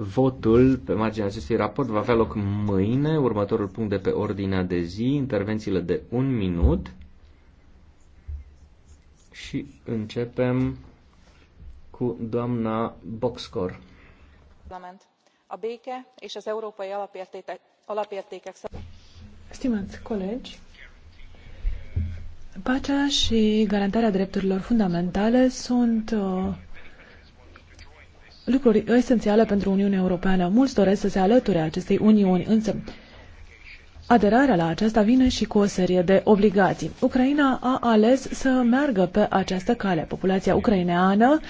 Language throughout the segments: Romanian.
Votul pe marginea acestui raport va avea loc mâine, următorul punct de pe ordinea de zi, intervențiile de un minut. Și începem cu doamna Boxcor. Parlament. A béke és az európai alapértékek... Stimați colegi, pacea și garantarea drepturilor fundamentale sunt uh, lucruri esențiale pentru Uniunea Europeană. Mulți doresc să se alăture acestei uniuni, însă aderarea la aceasta vine și cu o serie de obligații. Ucraina a ales să meargă pe această cale. Populația ucraineană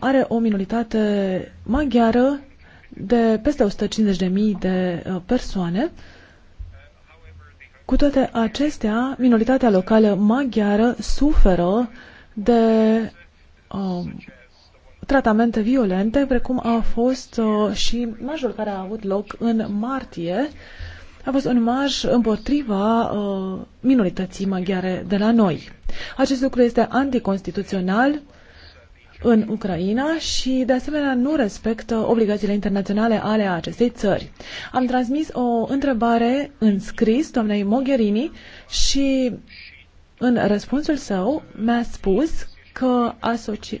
are o minoritate maghiară de peste 150.000 de persoane. Cu toate acestea, minoritatea locală maghiară suferă de tratamente violente, precum a fost uh, și majul care a avut loc în martie. A fost un marș împotriva uh, minorității maghiare de la noi. Acest lucru este anticonstituțional în Ucraina și, de asemenea, nu respectă obligațiile internaționale ale acestei țări. Am transmis o întrebare în scris doamnei Mogherini și, în răspunsul său, mi-a spus că asoci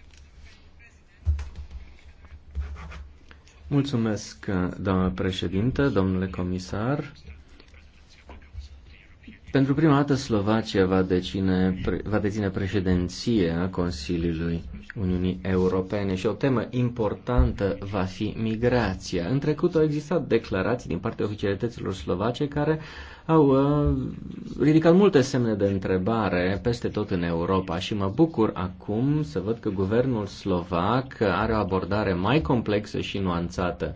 Mulțumesc, doamnă președintă, domnule comisar. Pentru prima dată Slovacia va deține, va deține președinția Consiliului Uniunii Europene și o temă importantă va fi migrația. În trecut au existat declarații din partea oficialităților slovace care au uh, ridicat multe semne de întrebare peste tot în Europa și mă bucur acum să văd că guvernul slovac are o abordare mai complexă și nuanțată.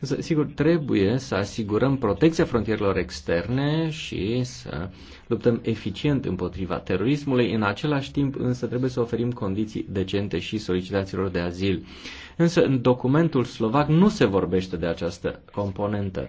Însă, sigur, trebuie să asigurăm protecția frontierelor externe și să luptăm eficient împotriva terorismului. În același timp, însă, trebuie să oferim condiții decente și solicitațiilor de azil. Însă, în documentul slovac nu se vorbește de această componentă.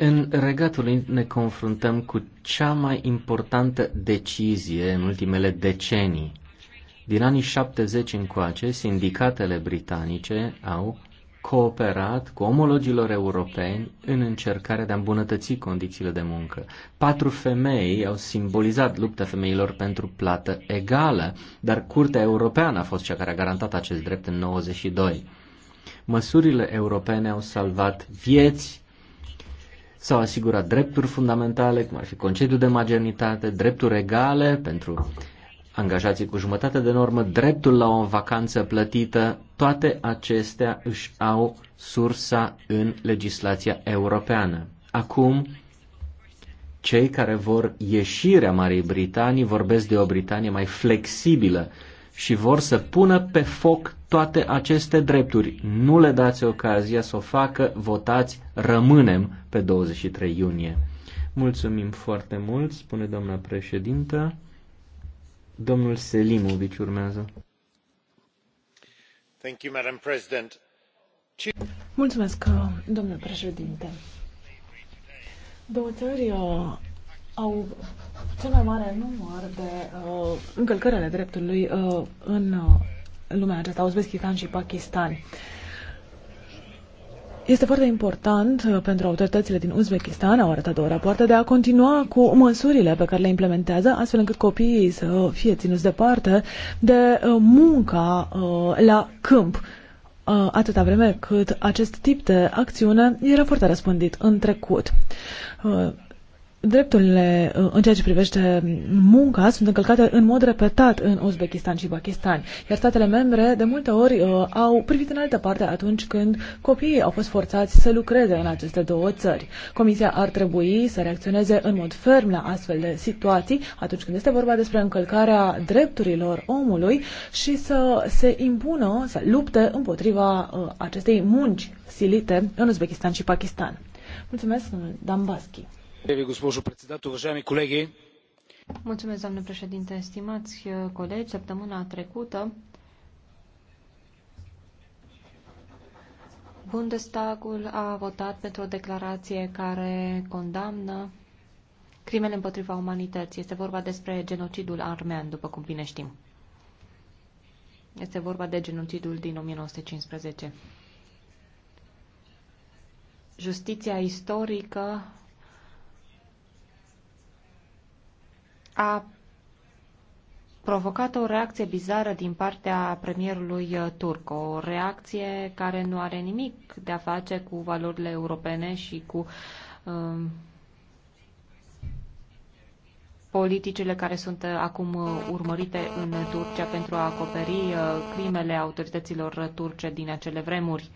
În Regatul lui ne confruntăm cu cea mai importantă decizie în ultimele decenii. Din anii 70 încoace, sindicatele britanice au cooperat cu omologilor europeni în încercarea de a îmbunătăți condițiile de muncă. Patru femei au simbolizat lupta femeilor pentru plată egală, dar Curtea Europeană a fost cea care a garantat acest drept în 92. Măsurile europene au salvat vieți, S-au asigurat drepturi fundamentale, cum ar fi concediul de maternitate, drepturi egale pentru angajații cu jumătate de normă, dreptul la o vacanță plătită, toate acestea își au sursa în legislația europeană. Acum, cei care vor ieșirea Marii Britanii vorbesc de o Britanie mai flexibilă și vor să pună pe foc toate aceste drepturi. Nu le dați ocazia să o facă, votați, rămânem pe 23 iunie. Mulțumim foarte mult, spune doamna președintă. Domnul Selimovic urmează. Thank you, Madam President. Mulțumesc, domnule președinte. Două țări uh, au cel mai mare număr de uh, încălcări ale dreptului uh, în uh, lumea aceasta, Uzbekistan și Pakistan. Uh, este foarte important uh, pentru autoritățile din Uzbekistan, au arătat două rapoarte, de a continua cu măsurile pe care le implementează, astfel încât copiii să fie ținuți departe de uh, munca uh, la câmp atâta vreme cât acest tip de acțiune era foarte răspândit în trecut drepturile uh, în ceea ce privește munca sunt încălcate în mod repetat în Uzbekistan și Pakistan, iar statele membre de multe ori uh, au privit în altă parte atunci când copiii au fost forțați să lucreze în aceste două țări. Comisia ar trebui să reacționeze în mod ferm la astfel de situații atunci când este vorba despre încălcarea drepturilor omului și să se impună, să lupte împotriva uh, acestei munci silite în Uzbekistan și Pakistan. Mulțumesc, Dambaschi. Mulțumesc, doamnă președinte. Stimați uh, colegi, săptămâna trecută Bundestagul a votat pentru o declarație care condamnă crimele împotriva umanității. Este vorba despre genocidul armean, după cum bine știm. Este vorba de genocidul din 1915. Justiția istorică a provocat o reacție bizară din partea premierului uh, turc, o reacție care nu are nimic de a face cu valorile europene și cu um, politicile care sunt uh, acum uh, urmărite în Turcia pentru a acoperi crimele autorităților turce din acele vremuri.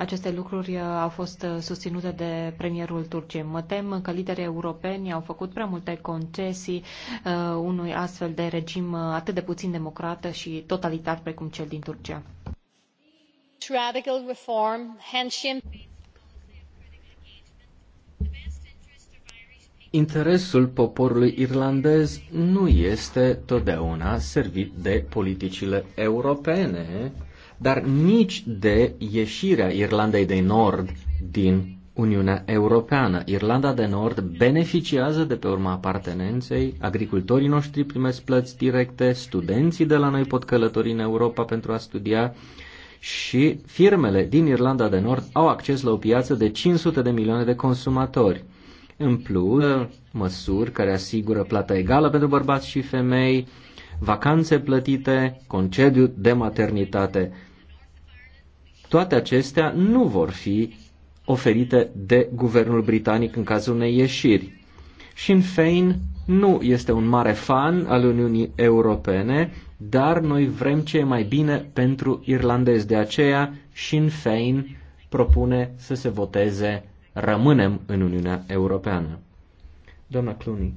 Aceste lucruri uh, au fost uh, susținute de premierul Turciei. Mă tem că liderii europeni au făcut prea multe concesii uh, unui astfel de regim atât de puțin democrat și totalitar precum cel din Turcia. Interesul poporului irlandez nu este totdeauna servit de politicile europene dar nici de ieșirea Irlandei de Nord din Uniunea Europeană. Irlanda de Nord beneficiază de pe urma apartenenței, agricultorii noștri primesc plăți directe, studenții de la noi pot călători în Europa pentru a studia și firmele din Irlanda de Nord au acces la o piață de 500 de milioane de consumatori. În plus, măsuri care asigură plata egală pentru bărbați și femei, vacanțe plătite, concediu de maternitate toate acestea nu vor fi oferite de guvernul britanic în cazul unei ieșiri. Sinn Fein nu este un mare fan al Uniunii Europene, dar noi vrem ce e mai bine pentru irlandezi. De aceea, Sinn Fein propune să se voteze rămânem în Uniunea Europeană. Doamna Clooney.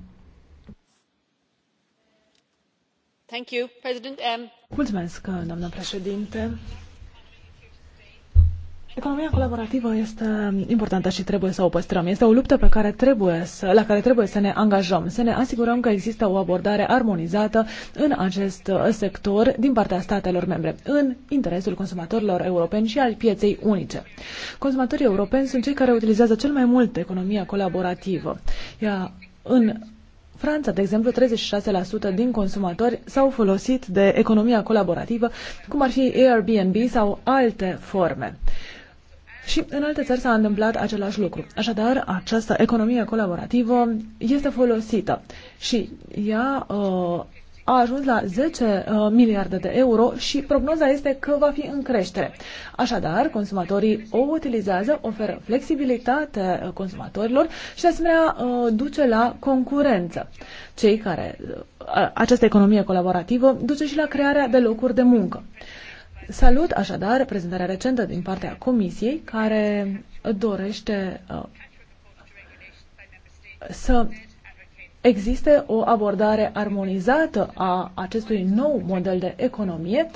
Thank you, President M. Mulțumesc, doamna președinte. Economia colaborativă este importantă și trebuie să o păstrăm. Este o luptă pe care trebuie să, la care trebuie să ne angajăm, să ne asigurăm că există o abordare armonizată în acest sector din partea statelor membre, în interesul consumatorilor europeni și al pieței unice. Consumatorii europeni sunt cei care utilizează cel mai mult economia colaborativă. Ea în Franța, de exemplu, 36% din consumatori s-au folosit de economia colaborativă, cum ar fi Airbnb sau alte forme. Și în alte țări s-a întâmplat același lucru. Așadar, această economie colaborativă este folosită și ea uh, a ajuns la 10 uh, miliarde de euro și prognoza este că va fi în creștere. Așadar, consumatorii o utilizează, oferă flexibilitate uh, consumatorilor și, de asemenea, uh, duce la concurență. Cei care uh, această economie colaborativă duce și la crearea de locuri de muncă. Salut așadar prezentarea recentă din partea Comisiei care dorește uh, să existe o abordare armonizată a acestui nou model de economie,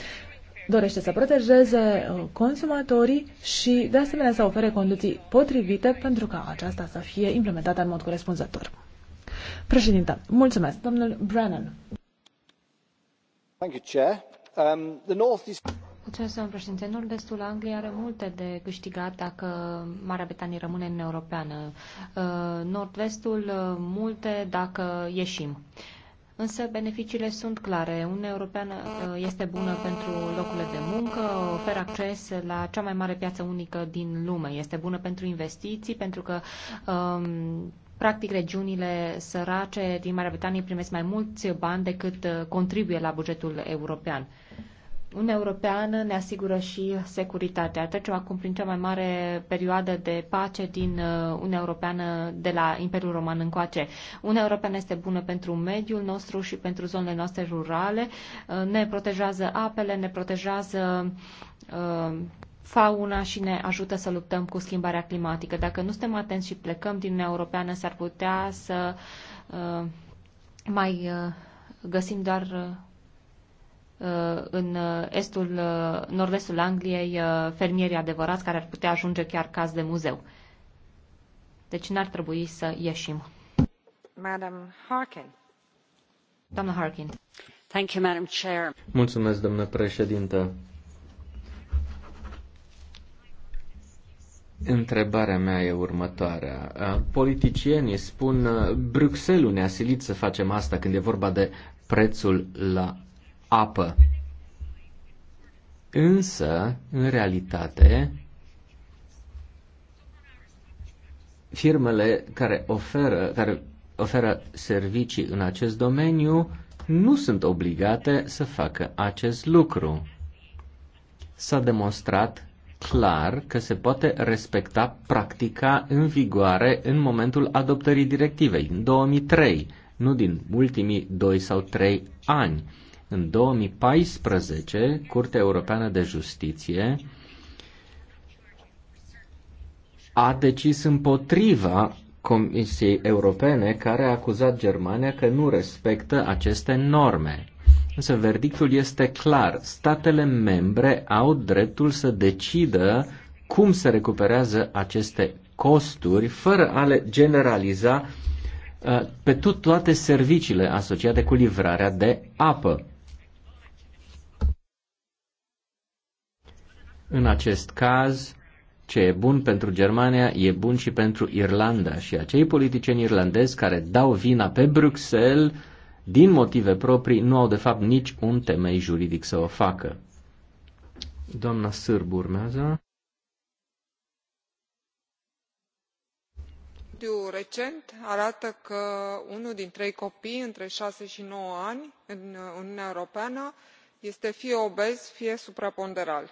dorește să protejeze uh, consumatorii și de asemenea să ofere condiții potrivite pentru ca aceasta să fie implementată în mod corespunzător. Președinte, mulțumesc. Domnul Brennan. Thank you, Chair. Um, the North is... Mulțumesc, domnul președinte. Nord-Estul Angliei are multe de câștigat dacă Marea Britanie rămâne în Europeană. Nord-vestul multe dacă ieșim. Însă beneficiile sunt clare. Uniunea Europeană uh, este bună pentru locurile de muncă, oferă acces la cea mai mare piață unică din lume. Este bună pentru investiții, pentru că um, practic regiunile sărace din Marea Britanie primesc mai mulți bani decât uh, contribuie la bugetul european. Uniunea Europeană ne asigură și securitatea. Trecem acum prin cea mai mare perioadă de pace din uh, Uniunea Europeană de la Imperiul Roman încoace. Uniunea Europeană este bună pentru mediul nostru și pentru zonele noastre rurale, uh, ne protejează apele, ne protejează uh, fauna și ne ajută să luptăm cu schimbarea climatică. Dacă nu suntem atenți și plecăm din Uniunea Europeană, s-ar putea să mai găsim doar Uh, în uh, estul, uh, nord-estul Angliei fermieri adevărați care ar putea ajunge chiar caz de muzeu. Deci n-ar trebui să ieșim. Madam Harkin. Doamna Harkin. Thank you, Madam Chair. Mulțumesc, doamnă președintă. Întrebarea mea e următoarea. Politicienii spun Bruxelles ne-a silit să facem asta când e vorba de prețul la apă. Însă, în realitate, firmele care oferă, care oferă servicii în acest domeniu nu sunt obligate să facă acest lucru. S-a demonstrat clar că se poate respecta practica în vigoare în momentul adoptării directivei, în 2003, nu din ultimii 2 sau 3 ani în 2014, Curtea Europeană de Justiție a decis împotriva Comisiei Europene care a acuzat Germania că nu respectă aceste norme. Însă verdictul este clar. Statele membre au dreptul să decidă cum se recuperează aceste costuri fără a le generaliza uh, pe tot toate serviciile asociate cu livrarea de apă. În acest caz, ce e bun pentru Germania e bun și pentru Irlanda și acei politicieni irlandezi care dau vina pe Bruxelles din motive proprii nu au de fapt nici un temei juridic să o facă. Doamna Sârb urmează. studiu recent arată că unul din trei copii între 6 și 9 ani în uniunea europeană este fie obez fie supraponderal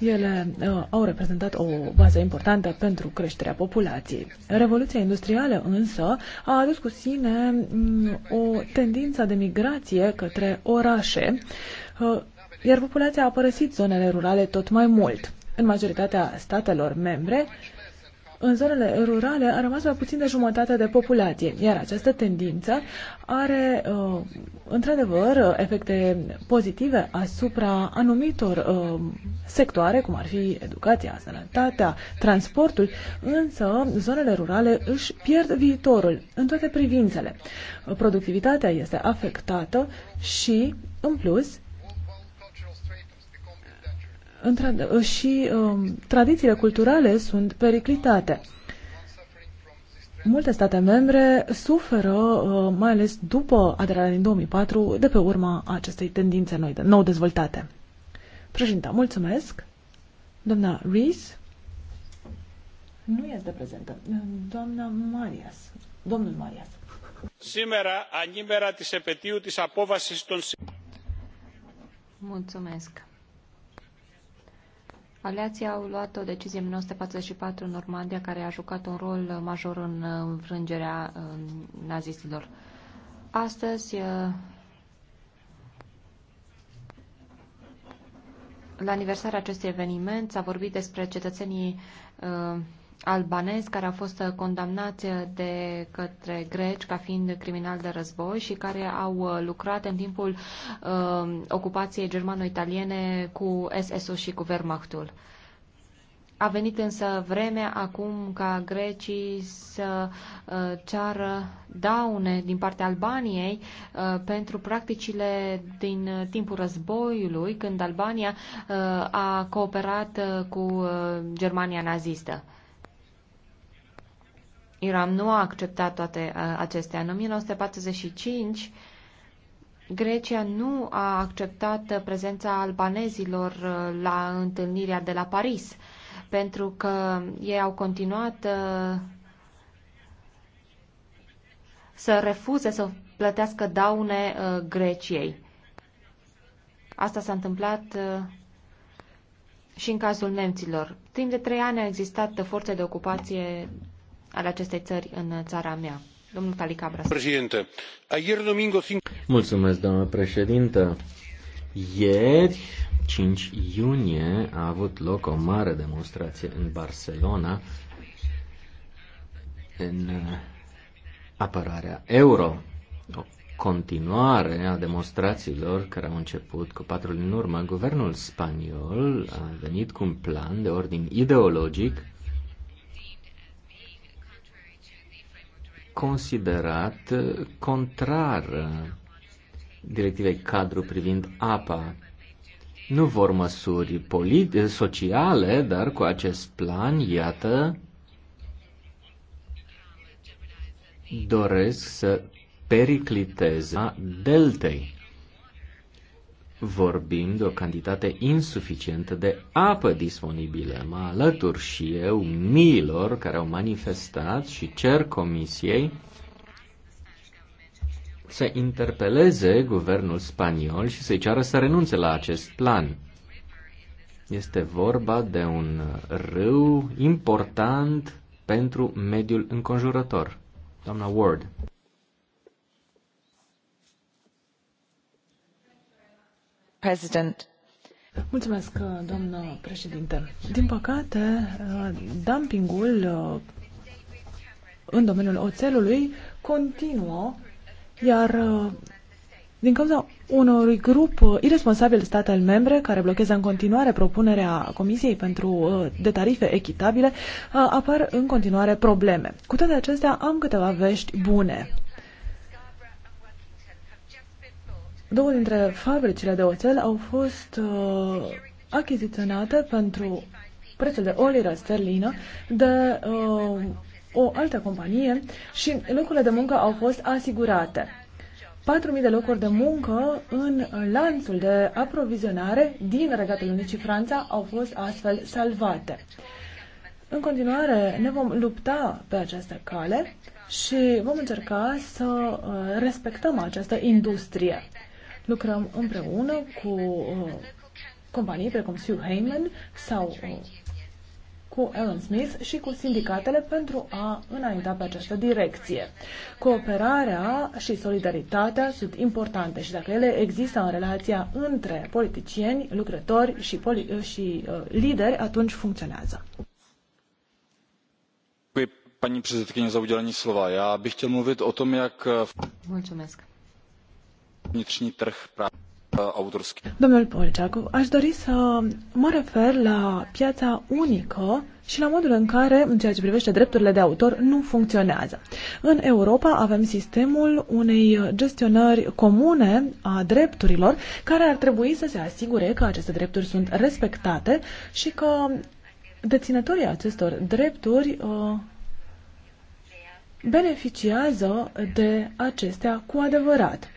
Ele uh, au reprezentat o bază importantă pentru creșterea populației. Revoluția industrială însă a adus cu sine um, o tendință de migrație către orașe, uh, iar populația a părăsit zonele rurale tot mai mult. În majoritatea statelor membre, uh, în zonele rurale a rămas mai puțin de jumătate de populație, iar această tendință are uh, într-adevăr efecte pozitive asupra anumitor uh, sectoare, cum ar fi educația, sănătatea, transportul, însă zonele rurale își pierd viitorul în toate privințele. Productivitatea este afectată și, în plus, și um, tradițiile culturale sunt periclitate. Multe state membre suferă, uh, mai ales după aderarea din 2004, de pe urma acestei tendințe noi, nou dezvoltate. Președinte, mulțumesc. Doamna Rees nu este prezentă. Doamna Marias. Domnul Marias. Simera, animera tisepetiu, επαιτίου της Mulțumesc. Aliații au luat o decizie în 1944 în Normandia care a jucat un rol major în uh, înfrângerea uh, nazistilor. Astăzi, uh, la aniversarea acestui eveniment, s-a vorbit despre cetățenii albanezi care au fost condamnați de către greci ca fiind criminali de război și care au uh, lucrat în timpul uh, ocupației germano-italiene cu SS-ul și cu Wehrmachtul. A venit însă vremea acum ca grecii să uh, ceară daune din partea Albaniei uh, pentru practicile din uh, timpul războiului, când Albania uh, a cooperat uh, cu uh, Germania nazistă. Iram nu a acceptat toate acestea. În 1945, Grecia nu a acceptat prezența albanezilor la întâlnirea de la Paris, pentru că ei au continuat să refuze să plătească daune Greciei. Asta s-a întâmplat și în cazul nemților. Timp de trei ani a existat forțe de ocupație ale acestei țări în țara mea. Domnul Talicabra. Președinte, ieri domingo... Mulțumesc, doamnă președintă. Ieri, 5 iunie, a avut loc o mare demonstrație în Barcelona în uh, apărarea euro. O continuare a demonstrațiilor care au început cu patru luni în urmă, guvernul spaniol a venit cu un plan de ordin ideologic considerat contrar directivei cadru privind apa. Nu vor măsuri polit- sociale, dar cu acest plan, iată, doresc să pericliteze deltei vorbim de o cantitate insuficientă de apă disponibilă. Mă alătur și eu miilor care au manifestat și cer comisiei să interpeleze guvernul spaniol și să-i ceară să renunțe la acest plan. Este vorba de un râu important pentru mediul înconjurător. Doamna Ward. Mulțumesc, doamnă președinte. Din păcate, dumpingul în domeniul oțelului continuă, iar din cauza unor grup irresponsabil statele membre care blochează în continuare propunerea Comisiei pentru de tarife echitabile, apar în continuare probleme. Cu toate acestea, am câteva vești bune. două dintre fabricile de oțel au fost uh, achiziționate pentru prețul de o liră sterlină de uh, o altă companie și locurile de muncă au fost asigurate. 4.000 de locuri de muncă în lanțul de aprovizionare din Regatul Unit și Franța au fost astfel salvate. În continuare ne vom lupta pe această cale și vom încerca să uh, respectăm această industrie. Lucrăm împreună cu uh, companii precum Sue Heyman sau uh, cu Alan Smith și cu sindicatele pentru a înainta pe această direcție. Cooperarea și solidaritatea sunt importante și dacă ele există în relația între politicieni, lucrători și, poli- uh, și uh, lideri, atunci funcționează. Mulțumesc vnitřní trh právě eh, aș dori să mă refer la piața unică și la modul în care, în ceea ce privește drepturile de autor, nu funcționează. În Europa avem sistemul unei gestionări comune a drepturilor, care ar trebui să se asigure că aceste drepturi sunt respectate și că deținătorii acestor drepturi uh, beneficiază de acestea cu adevărat.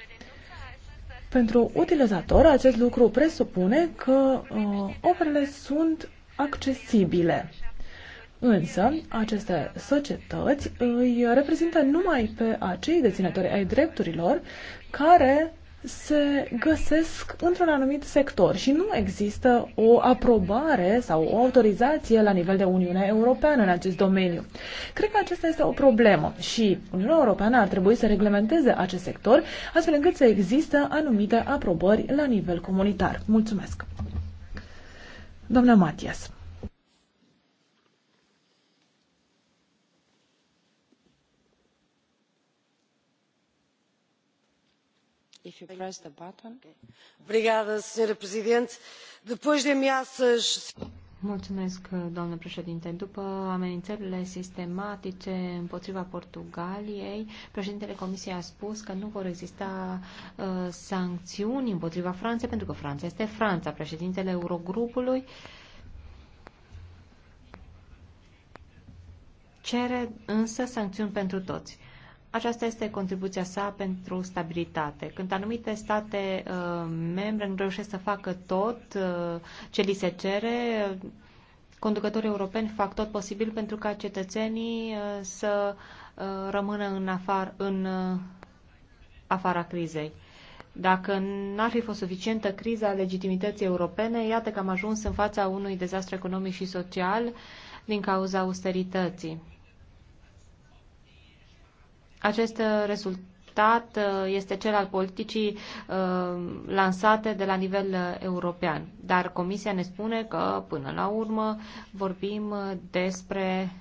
Pentru utilizator, acest lucru presupune că uh, operele sunt accesibile. Însă, aceste societăți îi reprezintă numai pe acei deținători ai drepturilor care se găsesc într-un anumit sector și nu există o aprobare sau o autorizație la nivel de Uniunea Europeană în acest domeniu. Cred că acesta este o problemă și Uniunea Europeană ar trebui să reglementeze acest sector astfel încât să există anumite aprobări la nivel comunitar. Mulțumesc! Doamna Matias. doamnă președintă după amenințările sistematice împotriva Portugaliei, președintele Comisiei a spus că nu vor exista uh, sancțiuni împotriva Franței, pentru că Franța este Franța. Președintele Eurogrupului cere însă sancțiuni pentru toți. Aceasta este contribuția sa pentru stabilitate. Când anumite state uh, membre nu reușesc să facă tot uh, ce li se cere, conducătorii europeni fac tot posibil pentru ca cetățenii uh, să uh, rămână în, afar, în uh, afara crizei. Dacă n-ar fi fost suficientă criza legitimității europene, iată că am ajuns în fața unui dezastru economic și social din cauza austerității. Acest uh, rezultat uh, este cel al politicii uh, lansate de la nivel european, dar Comisia ne spune că, până la urmă, vorbim despre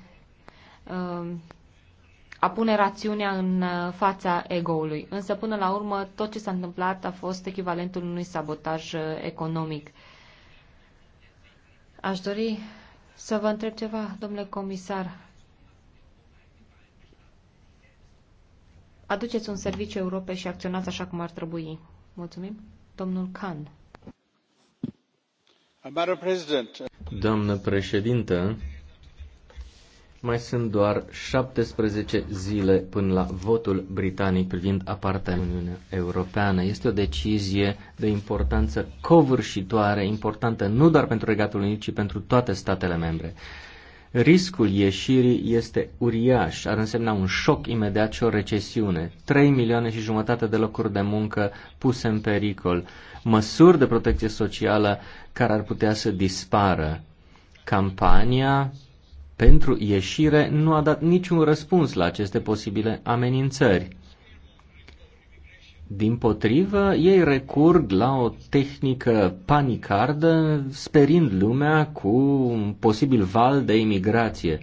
a pune rațiunea în fața ego-ului. Însă, până la urmă, tot ce s-a întâmplat a fost echivalentul unui sabotaj economic. Aș dori să vă întreb ceva, domnule comisar. aduceți un serviciu Europei și acționați așa cum ar trebui. Mulțumim. Domnul Khan. Doamnă președintă, mai sunt doar 17 zile până la votul britanic privind apartarea Uniunea Europeană. Este o decizie de importanță covârșitoare, importantă nu doar pentru Regatul Unit, ci pentru toate statele membre. Riscul ieșirii este uriaș, ar însemna un șoc imediat și o recesiune. 3 milioane și jumătate de locuri de muncă puse în pericol, măsuri de protecție socială care ar putea să dispară. Campania pentru ieșire nu a dat niciun răspuns la aceste posibile amenințări. Din potrivă, ei recurg la o tehnică panicardă, sperind lumea cu un posibil val de imigrație.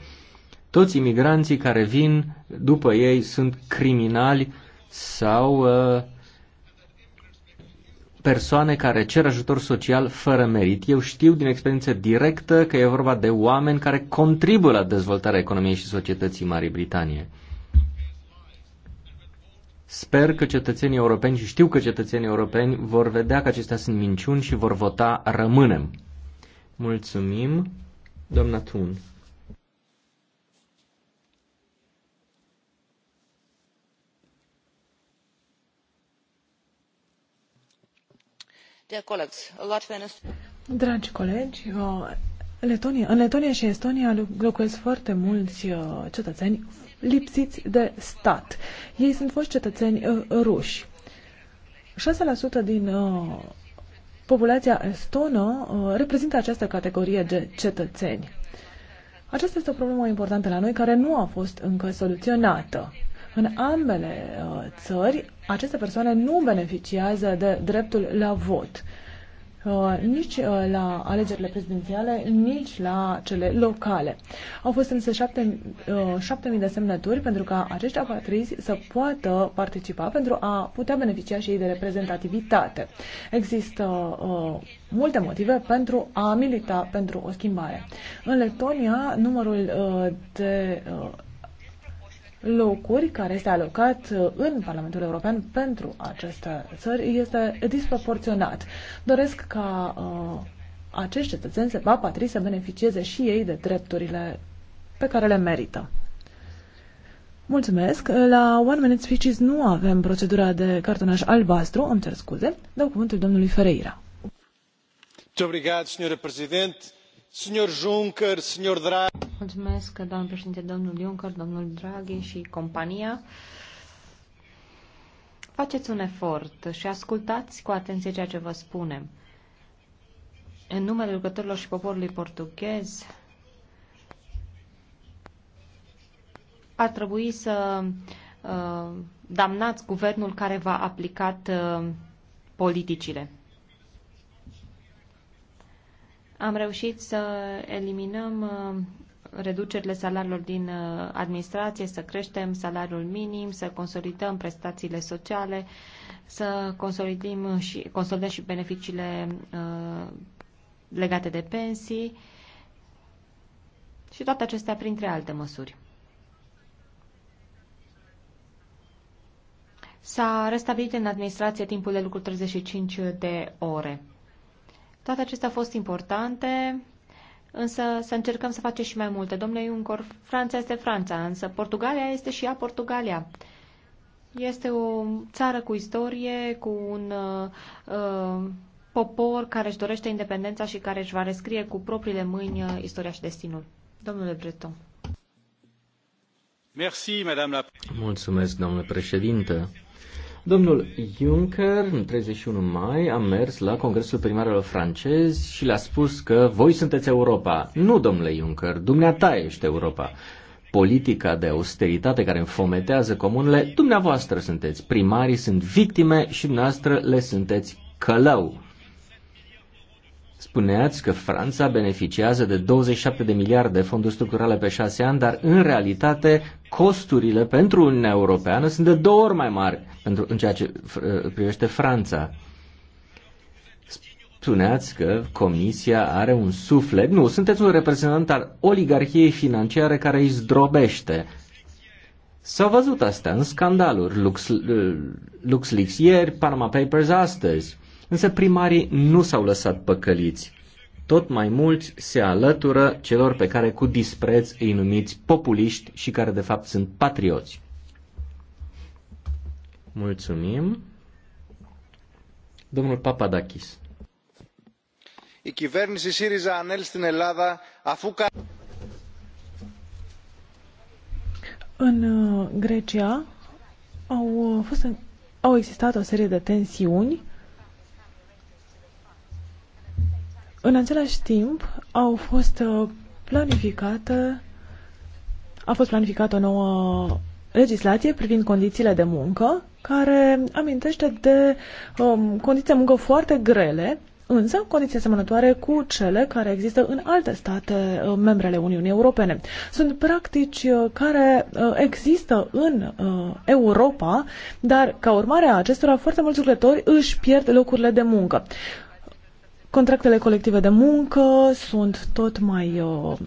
Toți imigranții care vin după ei sunt criminali sau uh, persoane care cer ajutor social fără merit. Eu știu din experiență directă că e vorba de oameni care contribuie la dezvoltarea economiei și societății Marii Britanie. Sper că cetățenii europeni și știu că cetățenii europeni vor vedea că acestea sunt minciuni și vor vota rămânem. Mulțumim, doamna Tun. Dragi colegi, uh, Letonia, în Letonia și Estonia locuiesc foarte mulți uh, cetățeni lipsiți de stat. Ei sunt fost cetățeni uh, ruși. 6% din uh, populația estonă uh, reprezintă această categorie de cetățeni. Aceasta este o problemă importantă la noi care nu a fost încă soluționată. În ambele țări, aceste persoane nu beneficiază de dreptul la vot. Uh, nici uh, la alegerile prezidențiale, nici la cele locale. Au fost însă 7.000 uh, de semnături pentru ca acești apatrizi să poată participa pentru a putea beneficia și ei de reprezentativitate. Există multe motive pentru a milita pentru o schimbare. În Letonia, numărul de locuri care este alocat uh, în Parlamentul European pentru aceste țări este disproporționat. Doresc ca uh, acești cetățeni se va patri să beneficieze și ei de drepturile pe care le merită. Mulțumesc. La One Minute Speeches nu avem procedura de cartonaș albastru, îmi cer scuze. Dau cuvântul domnului Ferreira. Mulțumesc, domnule președinte, domnule Juncker, domnule Draghi. Mulțumesc, domnul președinte, domnul Juncker, domnul Draghi și compania. Faceți un efort și ascultați cu atenție ceea ce vă spunem. În numele lucrătorilor și poporului portughez, ar trebui să uh, damnați guvernul care v-a aplicat uh, politicile. Am reușit să eliminăm uh, reducerile salariilor din uh, administrație, să creștem salariul minim, să consolidăm prestațiile sociale, să consolidăm și, consolidăm și beneficiile uh, legate de pensii și toate acestea printre alte măsuri. S-a restabilit în administrație timpul de lucru 35 de ore. Toate acestea au fost importante însă să încercăm să facem și mai multe. Domnule Juncker, Franța este Franța, însă Portugalia este și ea Portugalia. Este o țară cu istorie, cu un uh, uh popor care își dorește independența și care își va rescrie cu propriile mâini uh, istoria și destinul. Domnule Breton. Mulțumesc, domnule președinte. Domnul Juncker, în 31 mai, a mers la Congresul Primarilor francezi și le-a spus că voi sunteți Europa. Nu, domnule Juncker, dumneata ești Europa. Politica de austeritate care înfometează comunele, dumneavoastră sunteți primarii, sunt victime și dumneavoastră le sunteți călău. Spuneați că Franța beneficiază de 27 de miliarde de fonduri structurale pe șase ani, dar în realitate costurile pentru Uniunea Europeană sunt de două ori mai mari pentru, în ceea ce uh, privește Franța. Spuneați că Comisia are un suflet. Nu, sunteți un reprezentant al oligarhiei financiare care îi zdrobește. S-a văzut asta în scandaluri. Lux, uh, LuxLeaks ieri, Panama Papers astăzi. Însă primarii nu s-au lăsat păcăliți. Tot mai mulți se alătură celor pe care cu dispreț îi numiți populiști și care de fapt sunt patrioți. Mulțumim. Domnul Papadakis. Η κυβέρνηση ΣΥΡΙΖΑ ανέλθει στην Ελλάδα αφού... În uh, Grecia au, uh, fost, au existat o serie de tensiuni În același timp, au fost uh, planificate, a fost planificată o nouă legislație privind condițiile de muncă, care amintește de um, condiții de muncă foarte grele, însă condiții asemănătoare cu cele care există în alte state uh, membre ale Uniunii Europene. Sunt practici uh, care uh, există în uh, Europa, dar ca urmare a acestora foarte mulți lucrători își pierd locurile de muncă. Contractele colective de muncă sunt tot mai uh,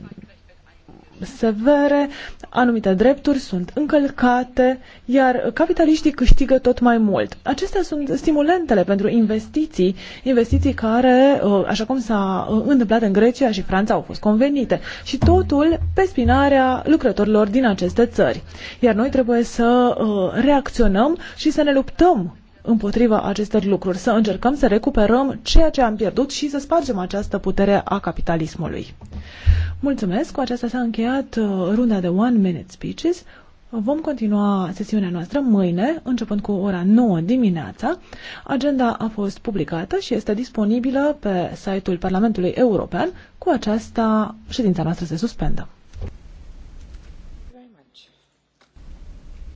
severe, anumite drepturi sunt încălcate, iar capitaliștii câștigă tot mai mult. Acestea sunt stimulentele pentru investiții, investiții care, uh, așa cum s-a uh, întâmplat în Grecia și Franța, au fost convenite și totul pe spinarea lucrătorilor din aceste țări. Iar noi trebuie să uh, reacționăm și să ne luptăm împotriva acestor lucruri, să încercăm să recuperăm ceea ce am pierdut și să spargem această putere a capitalismului. Mulțumesc, cu aceasta s-a încheiat uh, runda de One Minute Speeches. Vom continua sesiunea noastră mâine, începând cu ora 9 dimineața. Agenda a fost publicată și este disponibilă pe site-ul Parlamentului European. Cu aceasta ședința noastră se suspendă.